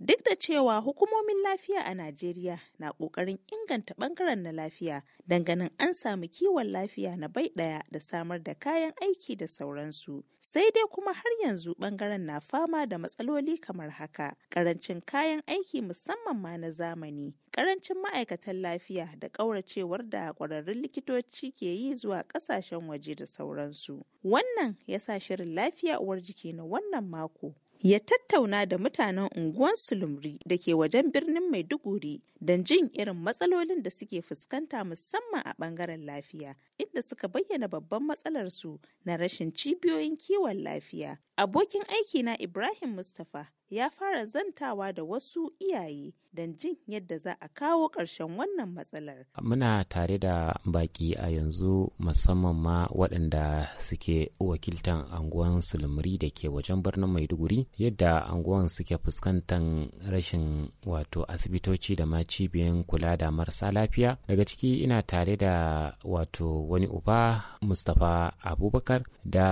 Duk da cewa hukumomin lafiya a Najeriya na ƙoƙarin inganta ɓangaren na lafiya danganin an samu kiwon lafiya na bai ɗaya da samar da kayan aiki da sauransu. Sai dai kuma har yanzu bangaren na fama da matsaloli kamar haka, ƙarancin kayan aiki musamman ma na zamani, ƙarancin ma'aikatan lafiya da ƙauracewar da ƙwararrun likitoci ke yi zuwa ƙasashen waje da sauransu. Wannan ya sa shirin lafiya uwar jiki na wannan mako ya tattauna da mutanen unguwan Sulumri da ke wajen birnin Maiduguri don jin irin matsalolin da suke fuskanta musamman a bangaren lafiya inda suka bayyana babban matsalarsu na rashin cibiyoyin kiwon lafiya. Abokin aiki na Ibrahim Mustapha ya fara zantawa da wasu iyaye don jin yadda za a kawo ƙarshen wannan matsalar. Muna tare da baƙi a yanzu musamman ma waɗanda suke wakiltan anguwan sulmuri da ke wajen birnin Maiduguri yadda anguwan suke fuskantar rashin wato asibitoci da ma cibiyan kula da marasa lafiya daga ciki ina tare da wato wani uba mustapha abubakar da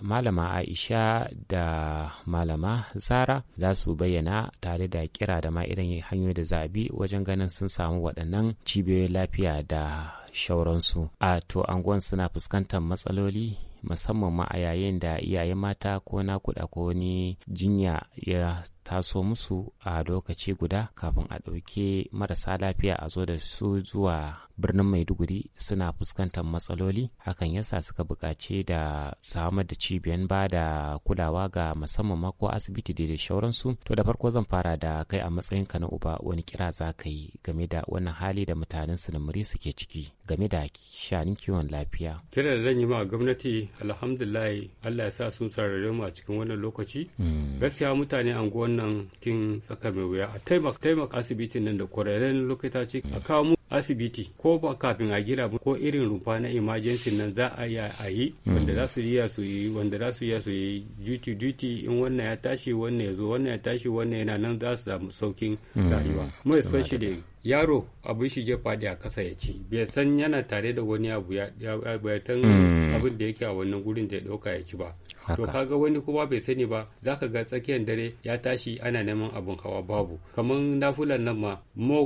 malama aisha da malama zara za su bayyana tare da kira da ma irin hanyoyi da za bi wajen ganin sun samu waɗannan cibiyoyin lafiya da shauransu a to anguwan suna fuskantar matsaloli musamman ma a yayin da iyaye mata ko nakuda ko wani jinya ya taso musu a lokaci guda kafin a ɗauki marasa lafiya a zo da su zuwa birnin maiduguri suna fuskantar matsaloli hakan yasa suka buƙace da samar da cibiyan ba da kulawa ga musamman ma ko asibiti da da shauransu to da farko zan fara da kai a matsayin ka na uba wani kira za ka yi game da wani hali da mutanen muri suke ciki game da shanin kiwon lafiya kira da zan yi ma gwamnati alhamdulillah allah ya sa sun sarare mu a cikin wannan lokaci hmm. gaskiya mutane a nan kin saka mai wuya a taimaka taimaka asibitin nan da kwararren lokuta a kawo asibiti ko ba kafin a gira ko irin rumfa na emergency nan za a yi a yi mm. wanda za su iya su yi wanda za su iya su yi duty duty in wannan ya tashi wannan ya zo wannan ya tashi wannan yana nan za su samu saukin mm. rayuwa mu especially yaro abin shi je fadi a kasa ya ci bai san yana tare da wani abu ya mm. abin da yake a wannan gurin da ya dauka ya ci ba to kaga wani kuma bai sani ba ka ga tsakiyar dare ya tashi ana neman abin hawa babu kamar nafulan nan ma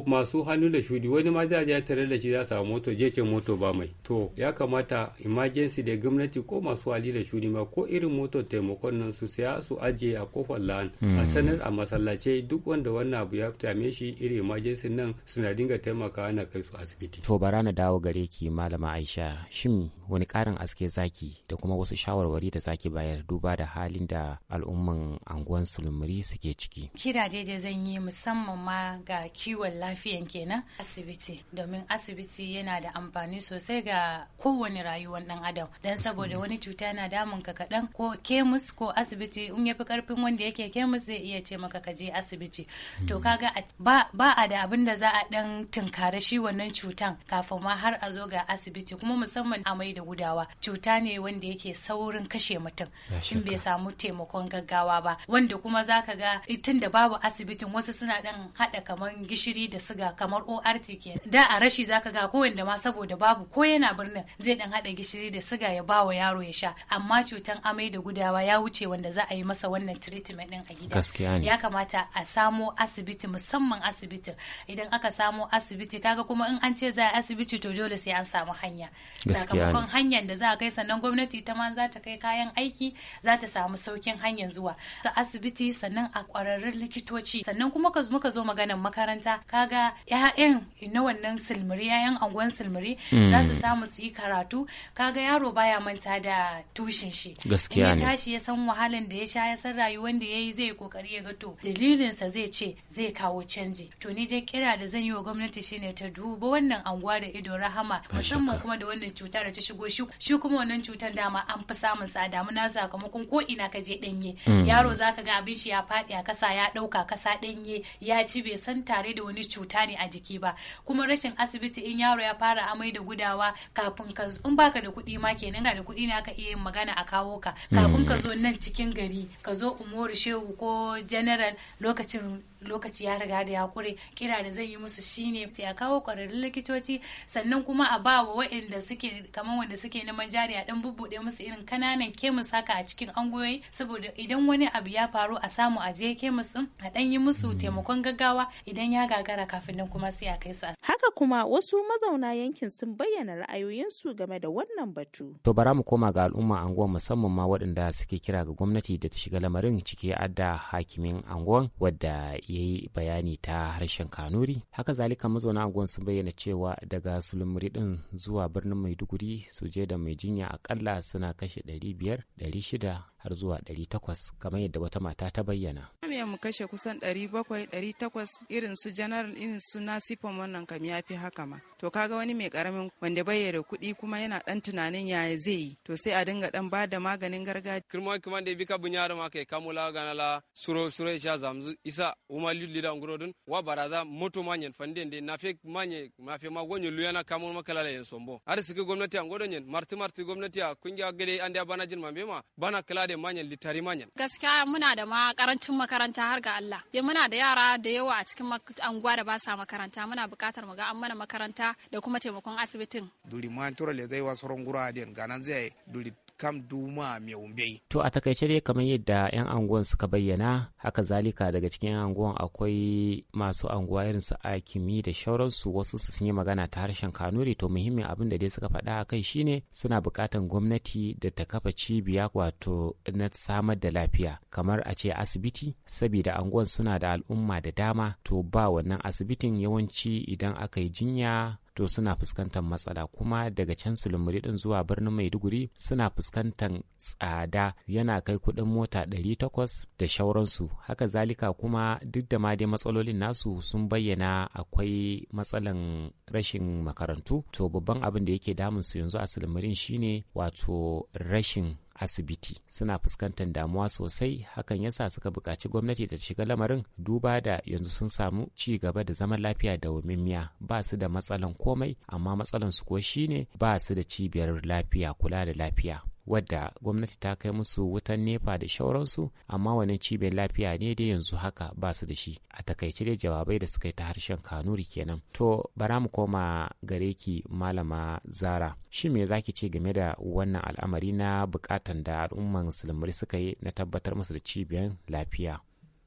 masu hannu da shudi wani ma zai ya tare da shi za samu moto je ce moto ba mai to ya kamata emergency da gwamnati ko masu hali da shudi ma ko irin moto taimakon nan su saya su ajiye a kofar lan a hmm. sanar a masallace duk wanda wannan abu ya same shi irin emergency nan suna dinga taimaka ana kai su asibiti to bara na dawo gare ki malama Aisha shin wani karin aske zaki da kuma wasu shawarwari da zaki bayar bayar duba da halin da al'umman anguwan sulmuri suke ciki kira daidai zan yi musamman ma ga kiwon lafiyan kenan asibiti domin asibiti yana da amfani sosai ga kowane rayuwar dan adam dan saboda wani cuta na damun ka kaɗan ko kemus ko asibiti in ya fi karfin wanda yake kemis zai iya ce maka ka je asibiti to hmm. kaga ba a da abin da za a ɗan tunkare shi wannan cutan kafin ma har a zo ga asibiti kuma musamman amai da gudawa cuta ne wanda yake saurin kashe mutum in bai samu taimakon gaggawa ba wanda kuma zaka ga eh, tun da babu asibitin wasu suna dan hada kamar gishiri da siga kamar ORT ke da a rashi zaka ga ko ma saboda babu ko yana birnin zai dan hada gishiri da siga ya bawa yaro ya sha amma cutan amai da gudawa ya wuce wanda za a yi masa wannan treatment din a gida ya kamata a samo asibiti musamman asibiti idan aka samo asibiti kaga kuma in an ce za a asibiti to dole sai an samu hanya sakamakon hanyar da za a kai sannan gwamnati ta ma za ta kai kayan aiki za ta samu saukin hanyar zuwa ta asibiti sannan a kwararrun likitoci sannan kuma ka muka zo maganan makaranta kaga 'ya'yan na wannan silmiri 'ya'yan anguwan silmiri hmm. za su samu su yi karatu kaga yaro baya manta da tushen shi gaskiya ne tashi ya san wahalan da ya sha ya san rayuwar da yayi zai kokari ya ga to dalilinsa zai ce zai kawo canji to ni dai kira da zan yi wa gwamnati shine ta duba wannan anguwa da ido rahama musamman kuma da wannan cutar da ta shigo shi kuma wannan cutar dama an fi samun sa damuna sakamakon ko ina ka je danye mm. yaro zaka ga abin shi ya faɗi a kasa ya ɗauka kasa ɗanye ya ci bai san tare da wani cuta ne a jiki ba kuma rashin asibiti in yaro ya fara amai da gudawa kafin ka in baka da kuɗi ma kenan da kuɗi ne aka iya yin magana a kawo ka mm. kafin ka zo nan cikin gari ka zo umoru shehu ko general lokacin lokaci ya riga da ya kure kira da zan yi musu shine sai a kawo kwararrun likitoci sannan kuma a ba wa waɗanda suke kamar wanda suke neman jari a dan bubbuɗe musu irin kananan kemis haka haka a cikin angoyi saboda idan wani abu ya faru a samu a je ke musu a dan yi musu hmm. taimakon gaggawa idan ya gagara kafin nan kuma sai a kai su haka kuma wasu mazauna yankin sun bayyana ra'ayoyinsu game da wannan batu to bara mu koma ga al'umma anguwan musamman ma waɗanda suke kira ga gwamnati da ta shiga lamarin ciki adda hakimin anguwan wadda ya yi bayani ta harshen kanuri haka zalika mazauna anguwan sun bayyana cewa daga sulumuri din zuwa birnin maiduguri su je da mai jinya akalla suna kashe 500 shida har zuwa 800 kamar yadda wata mata ta bayyana. Kamiya mu kashe kusan 700 800 irin su general irin su nasifan wannan kam ya fi haka ma. To kaga wani mai karamin wanda bayyana da kuɗi kuma yana dan tunanin yaya zai yi to sai a dinga dan ba da maganin gargajiya. Kirma kuma da bika bunyar ma kai kamo la gana la suro suro isha zamzu isa kuma lili da ngurodun wa baraza moto manyen fanden de fe manye mafe magonyo luyana kamo makala la sombo. Har suke gwamnati an godonyen marti marti gwamnati a kungiya gade an da bana jin ma bana kala da manyan littari manyan. Gaskiya muna da ma karancin makaranta har ga Allah. Ya muna da yara da yawa a cikin anguwa da ba sa makaranta muna bukatar mu ga an mana makaranta da kuma taimakon asibitin. Duri ma tura le zai wasu rungura den ganan zai duri kam duma mai umbe. To a takaice dai kamar yadda 'yan anguwan suka bayyana haka zalika daga cikin 'yan anguwan akwai masu anguwa irin su akimi da shauransu wasu su sun yi magana ta harshen kanuri to muhimmin abin da dai suka faɗa a kai ne suna buƙatan gwamnati da ta kafa cibiya wato na samar da lafiya kamar a ce asibiti saboda anguwan suna da al'umma da dama to ba wannan asibitin yawanci idan aka yi jinya to suna fuskantar matsala kuma daga can sulumuri din zuwa birnin maiduguri suna fuskantar tsada yana kai kudin mota 800 da shauransu haka zalika kuma duk da ma dai matsalolin nasu sun bayyana akwai matsalan rashin makarantu to babban abin da yake damun su yanzu a sulumurin shine wato rashin asibiti suna fuskantar damuwa sosai hakan yasa suka buƙaci gwamnati ta shiga lamarin duba da yanzu sun samu ci gaba da zaman lafiya da wumimmiya ba su da matsalan komai amma matsalan su ko shine ba su da cibiyar lafiya kula da lafiya wadda gwamnati ta kai musu wutan nefa da shauransu amma wani cibiyar lafiya ne da yanzu haka ba su da shi a takaice dai jawabai da suka yi ta harshen kanuri kenan to bara mu koma gare ki malama zara shi me zaki ce game da wannan al'amari na bukatan da al'umman musulmi suka yi na tabbatar musu da cibiyar lafiya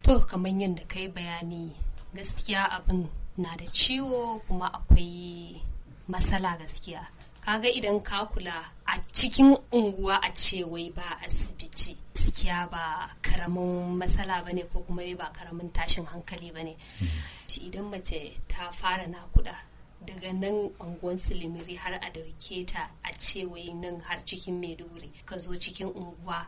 to kamar yadda kai bayani gaskiya abin na da ciwo kuma akwai matsala gaskiya kaga idan ka kula a cikin unguwa a ce wai ba asibiti gaskiya ba karamin matsala ba ne ko kuma ba karamin tashin hankali ba ne idan mace ta fara nakuda daga nan unguwan silimiri har a dauke ta a ce wai nan har cikin maiduguri ka zo cikin unguwa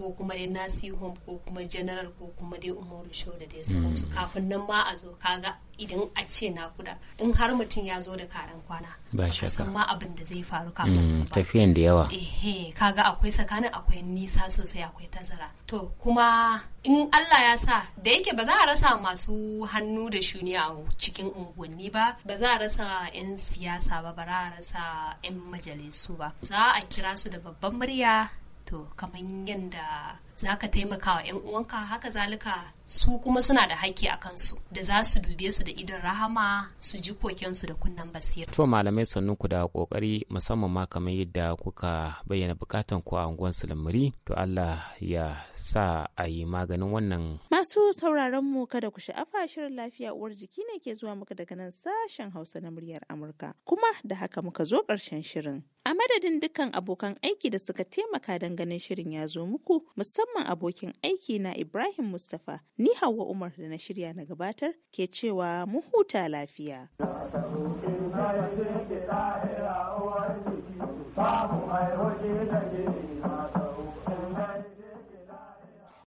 ko kuma dai nasihom ko kuma general ko kuma dai umaru show da dai hmm. sauransu kafin nan ma a zo kaga idan a ce nakuda in har mutum ya zo da karan kwana ba san ma abin da zai faru kafin hmm, tafiyan da yawa eh kaga akwai tsakanin akwai nisa sosai akwai tazara to kuma in Allah ya sa da yake ba za a rasa masu hannu da shuni a cikin unguwanni ba ba za a rasa 'yan siyasa ba ba za a rasa 'yan majalisu ba za a kira su da babban murya to kamar yadda za ka taimaka wa 'yan uwanka haka zalika su kuma suna da haƙƙi a kansu da za su dube su da idan rahama su ji kokensu da kunnen basira. To malamai sannu ku da kokari musamman ma kamar yadda kuka bayyana bukatan ku a unguwar Sulmuri to Allah ya sa a yi maganin wannan. Masu sauraron mu kada ku sha'afa shirin lafiya uwar jiki ne ke zuwa muka daga nan sashen Hausa na muryar Amurka kuma da haka muka zo karshen shirin. A madadin dukkan abokan aiki da suka taimaka don ganin shirin ya zo muku musamman musamman abokin aiki na Ibrahim mustafa ni Hauwa Umar da na shirya na gabatar ke cewa mu huta lafiya.